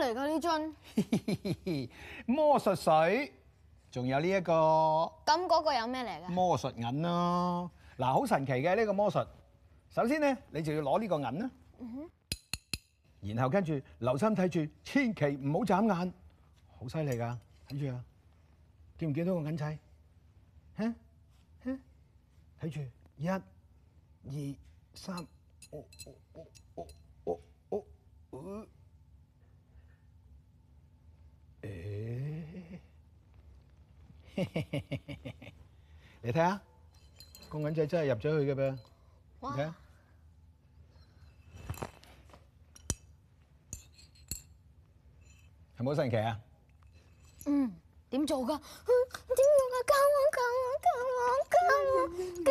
嚟噶呢樽，魔術水，仲有呢一個。咁嗰個有咩嚟噶？魔術銀啦，嗱，好神奇嘅呢個魔術。首先咧，你就要攞呢個銀啦，然後跟住留心睇住，千祈唔好眨眼，好犀利噶，睇住啊，見唔見到個銀仔？睇住，一、二、三、哦、哦、哦、哦。 你睇下，個銀仔真係入咗去嘅噃，哇 你睇下，係咪好神奇啊？嗯，點做㗎？點、嗯、做㗎？我，我，我，我，我。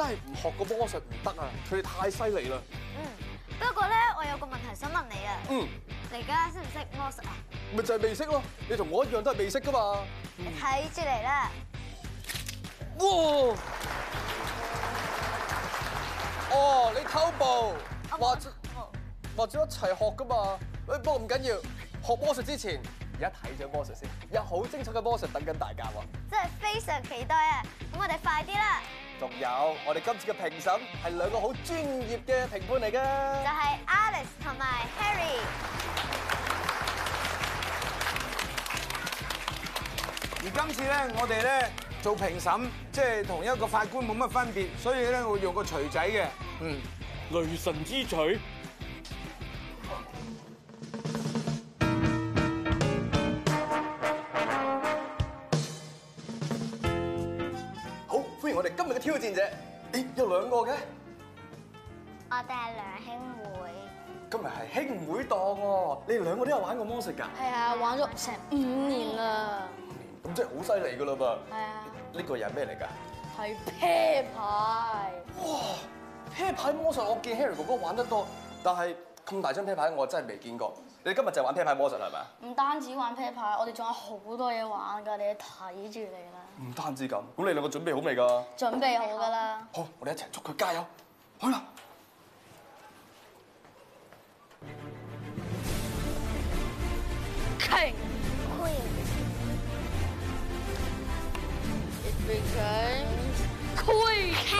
真係唔學個魔術唔得啊！佢哋太犀利啦。嗯，不過咧，我有個問題想問你啊。嗯。你而家識唔識魔術啊？咪就係未識咯。你同我一樣都係未識噶嘛。睇住嚟啦。哇！哦，你偷步。我…或者，話住一齊學噶嘛。喂，不過唔緊要，學魔術之前，而家睇咗魔術先。有好精彩嘅魔術等緊大家。真係非常期待啊！咁我哋快啲啦。仲有，我哋今次嘅評審係兩個好專業嘅評判嚟㗎，就係 Alice 同埋 Harry。而今次咧，我哋咧做評審，即係同一個法官冇乜分別，所以咧，會用個錘仔嘅，嗯，雷神之錘。今日嘅挑戰者，咦有兩個嘅？我哋係兩兄妹。今日係兄妹檔喎，你哋兩個都有玩過魔術㗎？係啊，玩咗成五年啦。咁真係好犀利㗎嘞噃！係啊，呢個又係咩嚟㗎？係啤牌。哇！啤牌魔術我見 Harry 哥哥玩得多，但係，.咁大張啤牌我真係未見過，你今日就玩啤牌魔術係咪啊？唔單止玩啤牌，我哋仲有好多嘢玩㗎，你睇住你啦。唔單止咁，咁你兩個準備好未㗎？準備好㗎啦。好，我哋一齊祝佢加油，好啦。King，Queen，It becomes Queen。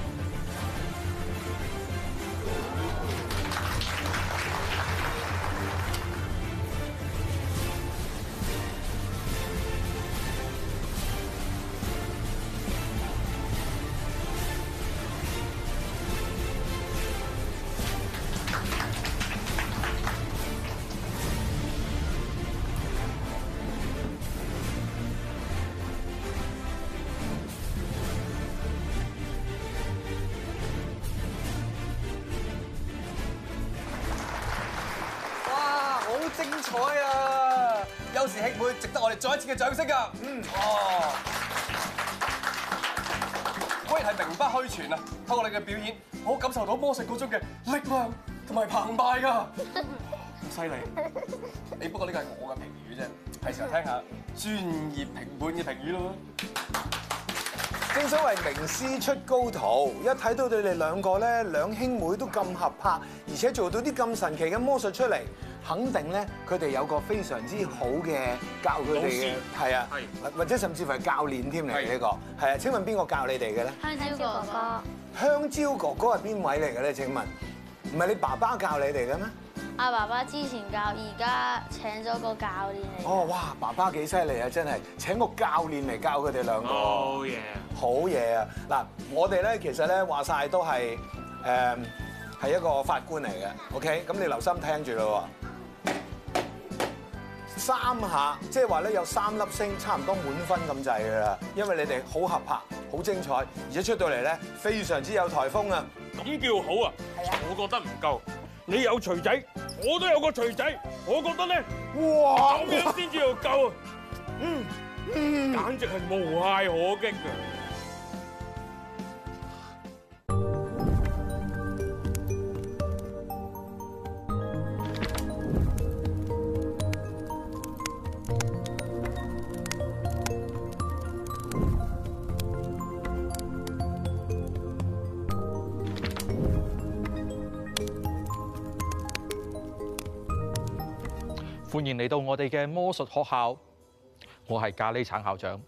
彩啊！有時兄妹值得我哋再一次嘅掌聲㗎。嗯，哦，果然係名不虛傳啊！透過你嘅表演，我感受到魔術嗰種嘅力量同埋澎湃㗎。咁犀利？你不過呢個係我嘅評語啫，係時候聽下專業評判嘅評語咯。正所謂名師出高徒，一睇到你哋兩個咧，兩兄妹都咁合拍，而且做到啲咁神奇嘅魔術出嚟。肯定咧，佢哋有個非常之好嘅教佢哋嘅，係啊，或者甚至乎係教練添嚟嘅呢個，係啊。請問邊個教你哋嘅咧？香蕉哥哥，哥，香蕉哥哥係邊位嚟嘅咧？請問，唔係你爸爸教你哋嘅咩？阿爸爸之前教，而家請咗個教練嚟。哦，哇，爸爸幾犀利啊！真係請個教練嚟教佢哋兩個，好嘢，好嘢啊！嗱，我哋咧其實咧話晒都係誒係一個法官嚟嘅，OK？咁你留心聽住咯喎。三下，即係話咧，有三粒星，差唔多滿分咁滯噶啦。因為你哋好合拍，好精彩，而且出到嚟咧非常之有台風啊，咁叫好啊？係啊。我覺得唔夠，你有錘仔，我都有個錘仔，我覺得咧，哇，咁樣先至叫夠，嗯，簡直係無懈可擊啊！歡迎嚟到我哋嘅魔術學校，我係咖喱橙校長。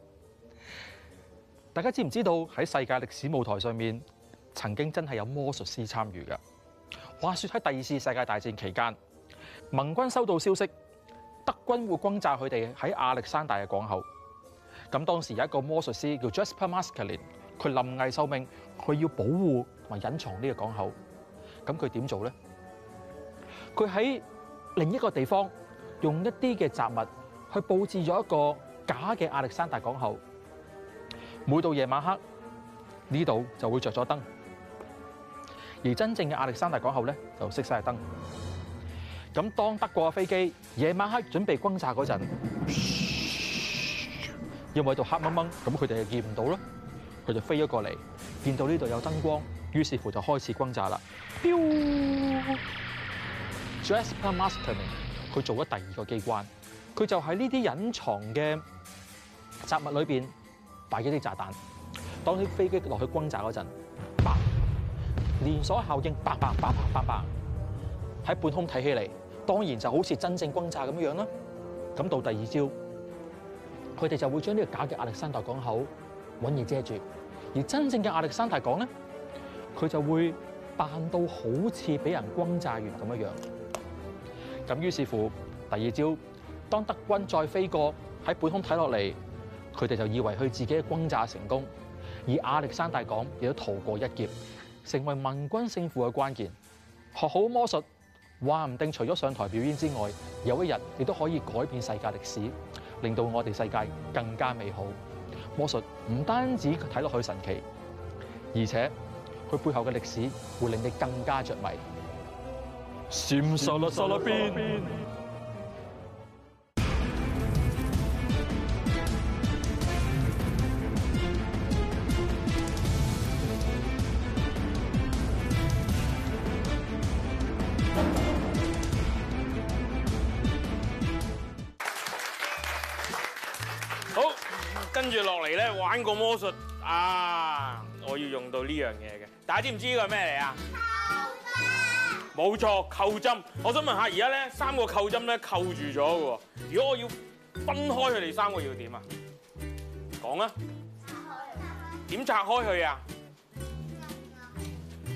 大家知唔知道喺世界歷史舞台上面，曾經真係有魔術師參與嘅？話說喺第二次世界大戰期間，盟軍收到消息，德軍會轟炸佢哋喺亞歷山大嘅港口。咁當時有一個魔術師叫 Jasper Maskelyne，佢臨危受命，佢要保護同埋隱藏呢個港口。咁佢點做呢？佢喺另一個地方用一啲嘅雜物去佈置咗一個假嘅亞歷山大港口。每到夜晚黑，呢度就會着咗燈，而真正嘅亞歷山大港口咧就熄晒燈。咁當德國嘅飛機夜晚黑準備轟炸嗰陣，因為喺度黑掹掹，咁佢哋就見唔到囉。佢就飛咗過嚟，見到呢度有燈光，於是乎就開始轟炸啦。Jasper Master 佢做咗第二個機關，佢就喺呢啲隱藏嘅雜物裏邊擺咗啲炸彈，當啲飛機落去轟炸嗰陣，連鎖效應，bang bang bang bang bang，喺半空睇起嚟，當然就好似真正轟炸咁樣樣啦。咁到第二招，佢哋就會將呢個假嘅亞歷山大港口揾嘢遮住，而真正嘅亞歷山大港咧，佢就會扮到好似俾人轟炸完咁樣樣。咁於是乎，第二招，當德軍再飛過喺半空睇落嚟，佢哋就以為佢自己嘅轟炸成功，而亞歷山大港亦都逃過一劫，成為盟軍勝負嘅關鍵。學好魔術，話唔定除咗上台表演之外，有一日亦都可以改變世界歷史，令到我哋世界更加美好。魔術唔單止睇落去神奇，而且佢背後嘅歷史會令你更加著迷。閃手啦，手啦邊！好，跟住落嚟咧，玩個魔術啊！我要用到呢樣嘢嘅，大家知唔知呢個係咩嚟啊？冇錯，扣針。我想問下，而家咧三個扣針咧扣住咗嘅。如果我要分開佢哋三個，要點啊？講啊！點拆開佢啊？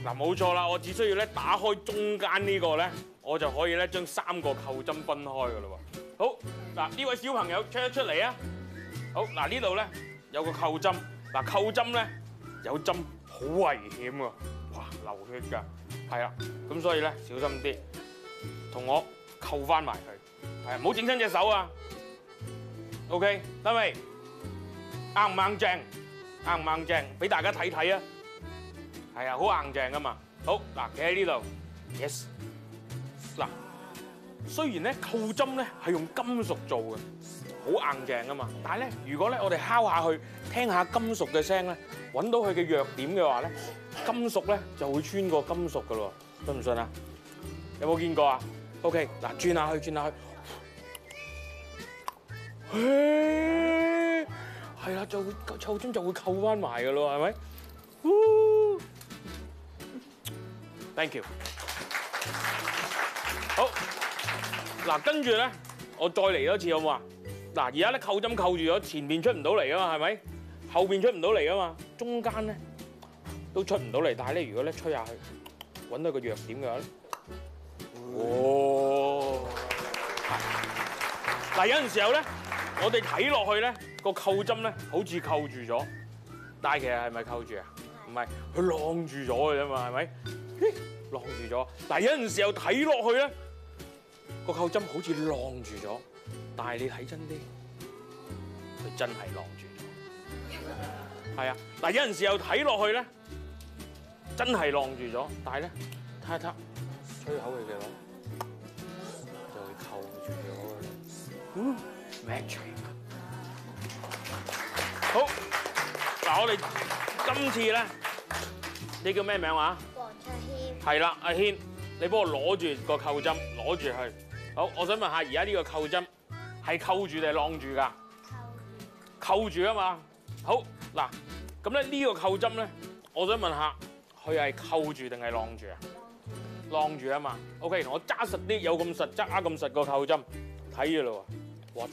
嗱，冇錯啦，我只需要咧打開中間呢個咧，我就可以咧將三個扣針分開嘅咯。好，嗱呢位小朋友 c h e 出一出嚟啊！好，嗱呢度咧有個扣針，嗱扣針咧有針，好危險喎！流血噶，係啊，咁所以咧小心啲，同我扣翻埋佢，係啊，唔好整親隻手啊，OK，得未？硬唔硬正？硬唔硬正？俾大家睇睇啊，係啊，好硬正㗎嘛，好，嗱，企喺呢度，yes，嗱，雖然咧扣針咧係用金屬做嘅，好硬正㗎嘛，但係咧如果咧我哋敲下去，聽下金屬嘅聲咧。揾到佢嘅弱點嘅話咧，金屬咧就會穿過金屬噶咯，信唔信啊？有冇見過啊？OK，嗱，轉下去，轉下去，係啦，就會抽針就會扣翻埋噶咯，係咪？Thank you。好，嗱，跟住咧，我再嚟多次好唔好啊？嗱，而家咧扣針扣住咗，前面出唔到嚟啊嘛，係咪？後邊出唔到嚟啊嘛。中間咧都出唔到嚟，但係咧如果咧吹下去，揾到個弱點嘅話，哦！但有陣時候咧，我哋睇落去咧個扣針咧好似扣住咗，但係其實係咪扣住啊？唔係，佢晾住咗嘅啫嘛，係咪？咦，晾住咗。但有陣時候睇落去咧，個扣針好似晾住咗，但係、嗯、你睇真啲，佢真係晾住咗。嗯。係啊，嗱有陣時又睇落去咧，真係晾住咗，但係咧睇一睇，吹口氣嘅咯，就會扣住咗。嗯 Magic. 好，嗱我哋今次咧，你叫咩名啊？黃卓軒。係啦，阿軒，你幫我攞住個扣針，攞住佢。好，我想問下，而家呢個扣針係扣住定係晾住㗎？扣住。扣住啊嘛。好。嗱，咁咧呢個扣針咧，我想問下，佢係扣住定係晾住啊？晾住啊嘛，OK，我揸實啲，有咁實質啊，咁實個扣針，睇嘅咯喎，Watch，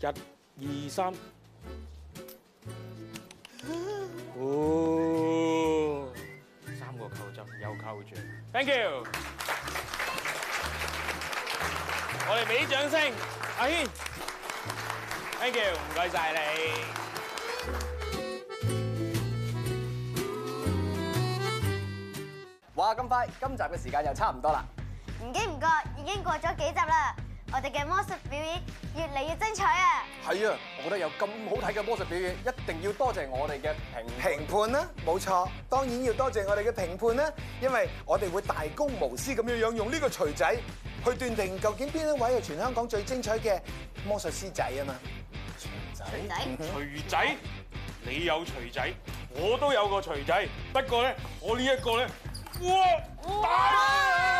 一、二、三，哦，三個扣針又扣住，Thank you。我哋俾啲掌聲，阿軒，thank you，唔該晒你。哇，咁快，今集嘅時間又差唔多啦。唔經唔覺已經過咗幾集啦。我哋嘅魔術表演越嚟越精彩啊！係啊，我覺得有咁好睇嘅魔術表演，一定要多謝我哋嘅評評判啦。冇錯，當然要多謝我哋嘅評判啦，因為我哋會大公無私咁樣樣用呢個錘仔去斷定究竟邊一位係全香港最精彩嘅魔術師仔啊嘛。錘仔？錘仔？你有錘仔，我都有個錘仔，不過咧，我這個呢一個咧，哇！哇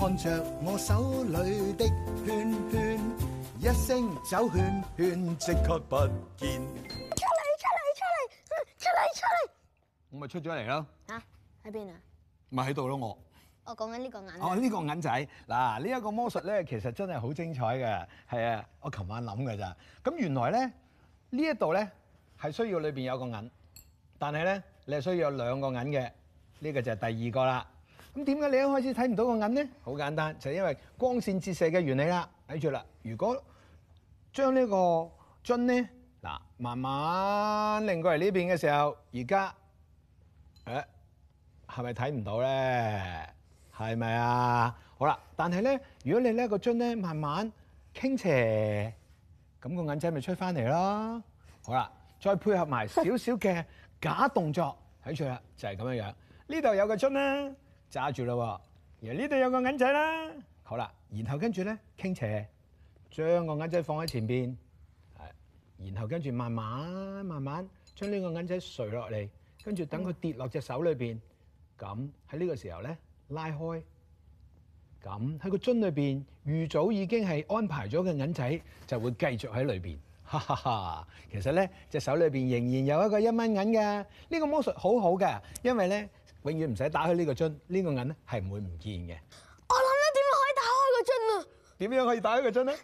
看着我手裏的圈圈，一聲走圈圈，即刻不見。出嚟出嚟出嚟出嚟出嚟！我咪出咗嚟咯。吓？喺邊啊？咪喺度咯我。我講緊呢個銀。哦，呢個銀仔。嗱，呢一個魔術咧，其實真係好精彩嘅。係啊，我琴晚諗噶咋。咁原來咧呢一度咧係需要裏邊有個銀，但係咧你係需要有兩個銀嘅。呢個就係第二個啦。咁點解你一開始睇唔到個銀咧？好簡單，就係因為光線折射嘅原理啦。睇住啦，如果將呢個樽咧嗱，慢慢擰過嚟呢邊嘅時候，而家誒係咪睇唔到咧？係咪啊？好啦，但係咧，如果你呢個樽咧慢慢傾斜，咁個銀仔咪出翻嚟咯。好啦，再配合埋少少嘅假動作，睇住啦，就係咁樣樣。呢度有個樽啦。揸住啦，然後呢度有個銀仔啦，好啦，然後跟住咧傾斜，將個銀仔放喺前面，係，然後跟住慢慢慢慢將呢個銀仔垂落嚟，跟住等佢跌落隻手裏面，咁喺呢個時候咧拉開，咁喺個樽裏面，預早已經係安排咗嘅銀仔就會繼續喺裏面。哈哈哈，其實咧隻手裏面仍然有一個一蚊銀噶，呢個魔術好好噶，因為咧。永遠唔使打開呢個樽，呢個銀咧係唔會唔見嘅。我諗咗點樣可以打開個樽啊？點樣可以打開個樽咧？